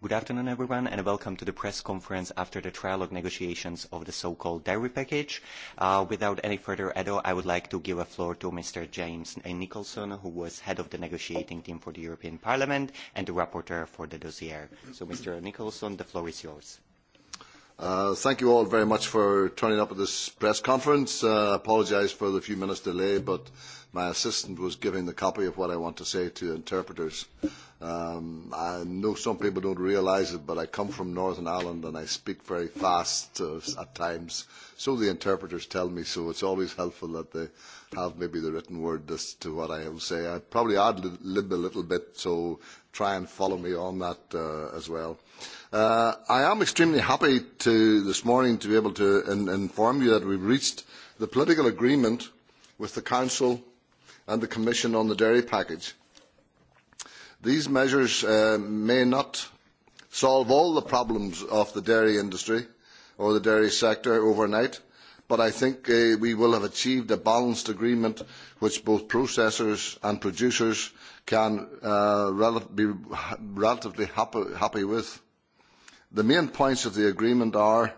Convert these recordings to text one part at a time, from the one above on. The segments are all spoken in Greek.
Good afternoon, everyone, and welcome to the press conference after the trilogue negotiations of the so-called dairy package. Without any further ado, I would like to give a floor to Mr. James Nicholson, who was head of the negotiating team for the European Parliament and the rapporteur for the dossier. So, Mr. Nicholson, the floor is yours. Thank you all very much for turning up at this press conference. I apologise for the few minutes delay, but my assistant was giving the copy of what I want to say to interpreters I know some people don't realise it, but I come from Northern Ireland and I speak very fast at times, so the interpreters tell me so. It's always helpful that they have maybe the written word as to what I will say. I probably add lib a little bit, so try and follow me on that as well. I am extremely happy this morning to be able to inform you that we've reached the political agreement with the Council and the Commission on the dairy package These measures may not solve all the problems of the dairy industry or the dairy sector overnight, but I think we will have achieved a balanced agreement which both processors and producers can be relatively happy with. The main points of the agreement are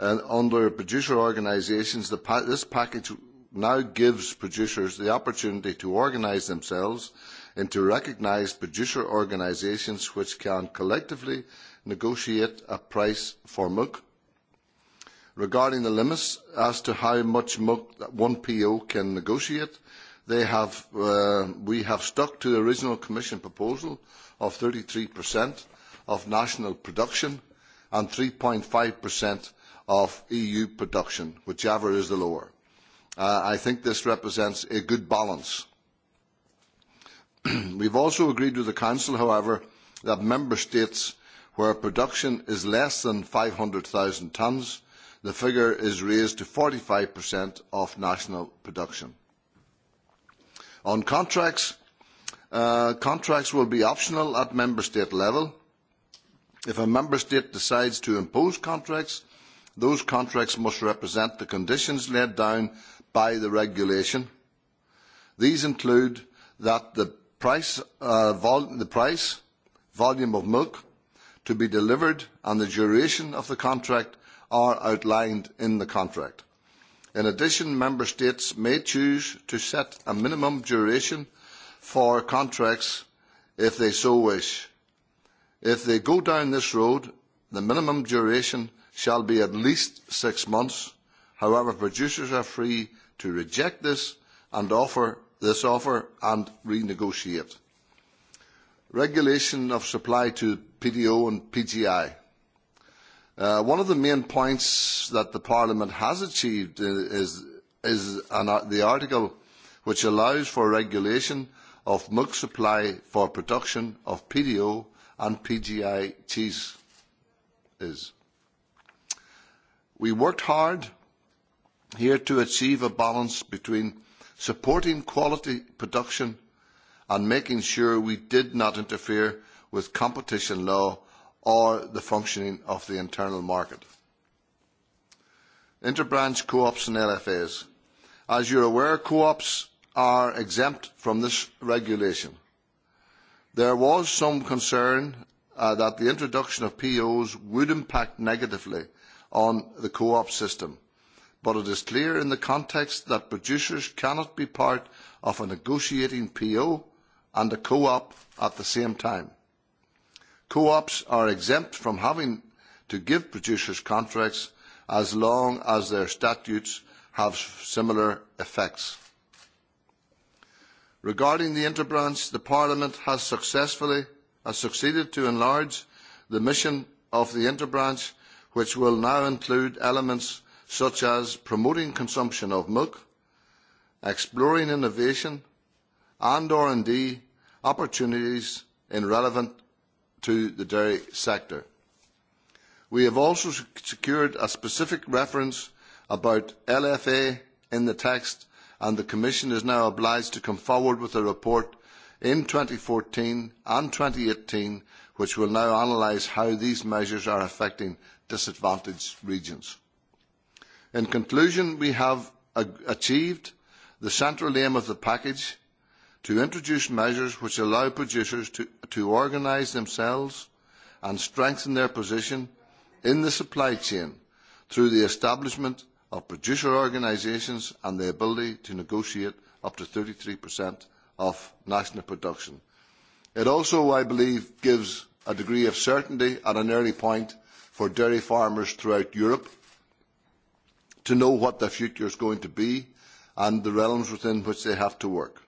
under producer organisations, this package now gives producers the opportunity to organise themselves and to recognise producer organisations which can collectively negotiate a price for milk. Regarding the limits as to how much milk one PO can negotiate, we have stuck to the original Commission proposal of 33% of national production and 3.5% of EU production, whichever is the lower. I think this represents a good balance We have also agreed with the Council, however, that Member States where production is less than 500,000 tonnes, the figure is raised to 45% of national production. On contracts, contracts will be optional at Member State level. If a Member State decides to impose contracts, those contracts must represent the conditions laid down by the regulation. These include that the the price, volume of milk to be delivered and the duration of the contract are outlined in the contract. In addition, Member States may choose to set a minimum duration for contracts if they so wish. If they go down this road, the minimum duration shall be at least six months. However, producers are free to reject this and offer this offer and renegotiate. Regulation of supply to PDO and PGI. One of the main points that the Parliament has achieved is the article which allows for regulation of milk supply for production of PDO and PGI cheese. We worked hard here to achieve a balance between supporting quality production and making sure we did not interfere with competition law or the functioning of the internal market. Interbranch co-ops and LFAs. As you are aware, co-ops are exempt from this regulation. There was some concern that the introduction of POs would impact negatively on the co-op system but it is clear in the context that producers cannot be part of a negotiating PO and a co-op at the same time. Co-ops are exempt from having to give producers contracts as long as their statutes have similar effects. Regarding the interbranch, the Parliament has successfully succeeded to enlarge the mission of the interbranch, which will now include elements such as promoting consumption of milk, exploring innovation and R&D opportunities relevant to the dairy sector. We have also secured a specific reference about LFA in the text and the Commission is now obliged to come forward with a report in 2014 and 2018 which will now analyse how these measures are affecting disadvantaged regions. In conclusion, we have achieved the central aim of the package to introduce measures which allow producers to organise themselves and strengthen their position in the supply chain through the establishment of producer organisations and the ability to negotiate up to 33% of national production. It also, I believe, gives a degree of certainty at an early point for dairy farmers throughout Europe to know what their future is going to be and the realms within which they have to work,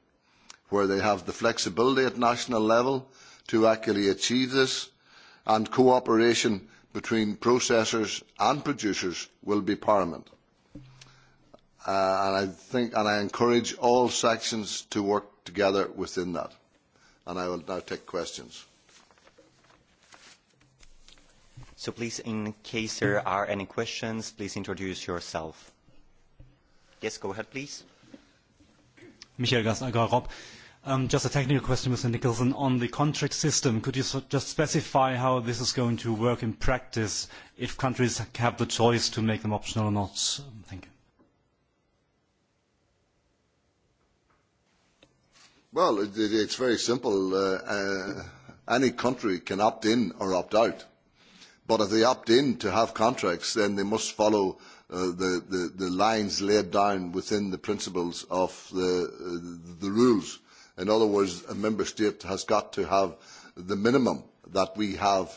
where they have the flexibility at national level to actually achieve this, and cooperation between processors and producers will be paramount. And I think and I encourage all sections to work together within that. And I will now take questions. So please, in case there are any questions, please introduce yourself. Yes, go ahead, please. Michael Um, Just a technical question, Mr. Nicholson. On the contract system, could you just specify how this is going to work in practice if countries have the choice to make them optional or not? Thank you. Well, it's very simple. Any country can opt in or opt out But if they opt in to have contracts, then they must follow the lines laid down within the principles of the rules. In other words, a member state has got to have the minimum that we have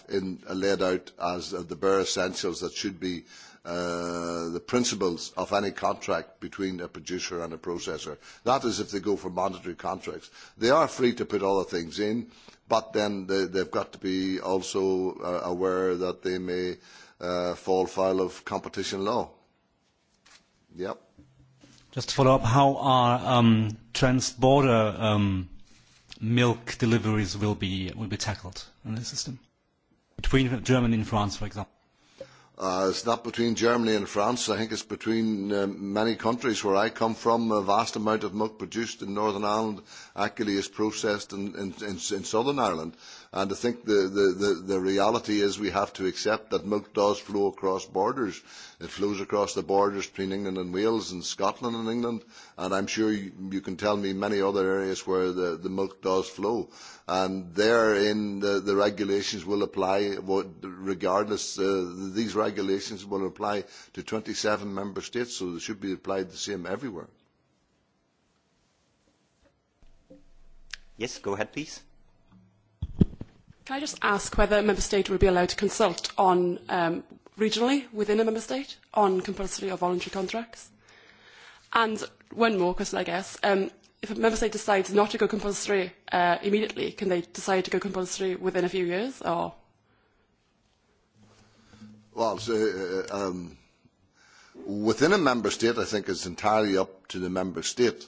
laid out as the bare essentials that should be the principles of any contract between a producer and a processor. That is if they go for mandatory contracts. They are free to put other things in, but then they've got to be also aware that they may fall foul of competition law. Yep. Just to follow up, how are trans-border milk deliveries will be will be tackled in the system between Germany and France, for example? It's not between Germany and France. I think it's between many countries. Where I come from, a vast amount of milk produced in Northern Ireland actually is processed in Southern Ireland. And I think the reality is we have to accept that milk does flow across borders. It flows across the borders between England and Wales and Scotland and England, and I'm sure you can tell me many other areas where the milk does flow. And therein the regulations will apply, regardless, these regulations will apply to 27 member states, so they should be applied the same everywhere. Yes, go ahead, please. Can I just ask whether a member state would be allowed to consult on regionally within a member state on compulsory or voluntary contracts? And one more question, I guess. If a member state decides not to go compulsory immediately, can they decide to go compulsory within a few years or? Well, within a member state, I think it's entirely up to the member state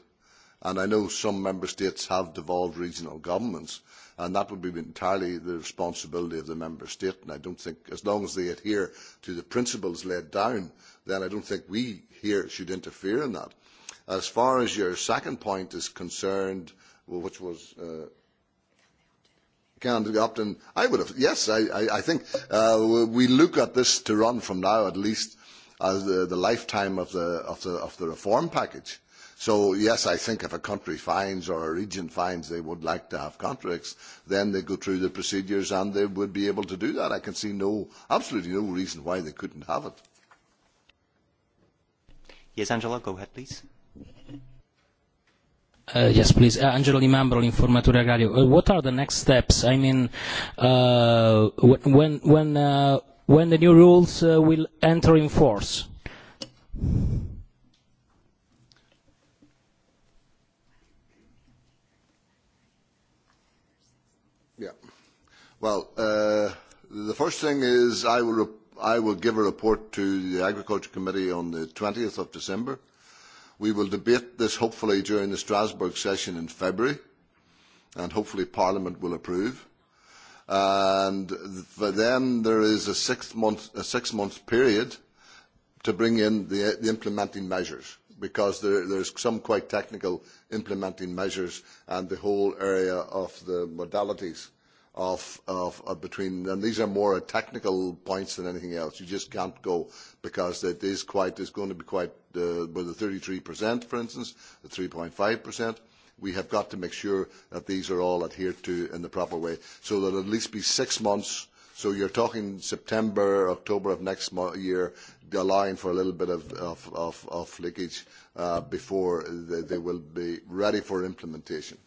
and I know some member states have devolved regional governments, and that would be entirely the responsibility of the member state. And I don't think, as long as they adhere to the principles laid down, then I don't think we here should interfere in that. As far as your second point is concerned, which was opt-in, I would have, yes, I think we look at this to run from now at least as the lifetime of the reform package So yes, I think if a country finds or a region finds they would like to have contracts, then they go through the procedures and they would be able to do that. I can see no, absolutely no reason why they couldn't have it. Yes, Angela, go ahead, please. Yes, please. Angelo What are the next steps? I mean, when when when the new rules will enter into force? Well, the first thing is I will I will give a report to the Agriculture Committee on the 20th of December. We will debate this hopefully during the Strasbourg session in February, and hopefully Parliament will approve. And then there is a six-month six month period to bring in the implementing measures, because there there's some quite technical implementing measures and the whole area of the modalities of between and These are more technical points than anything else. You just can't go because it is quite, it's going to be quite, with the 33%, for instance, the 3.5%. We have got to make sure that these are all adhered to in the proper way, so that at least be six months. So you're talking September, October of next year, allowing for a little bit of leakage before they will be ready for implementation.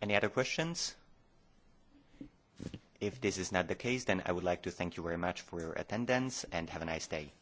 Any other questions? If this is not the case, then I would like to thank you very much for your attendance and have a nice day.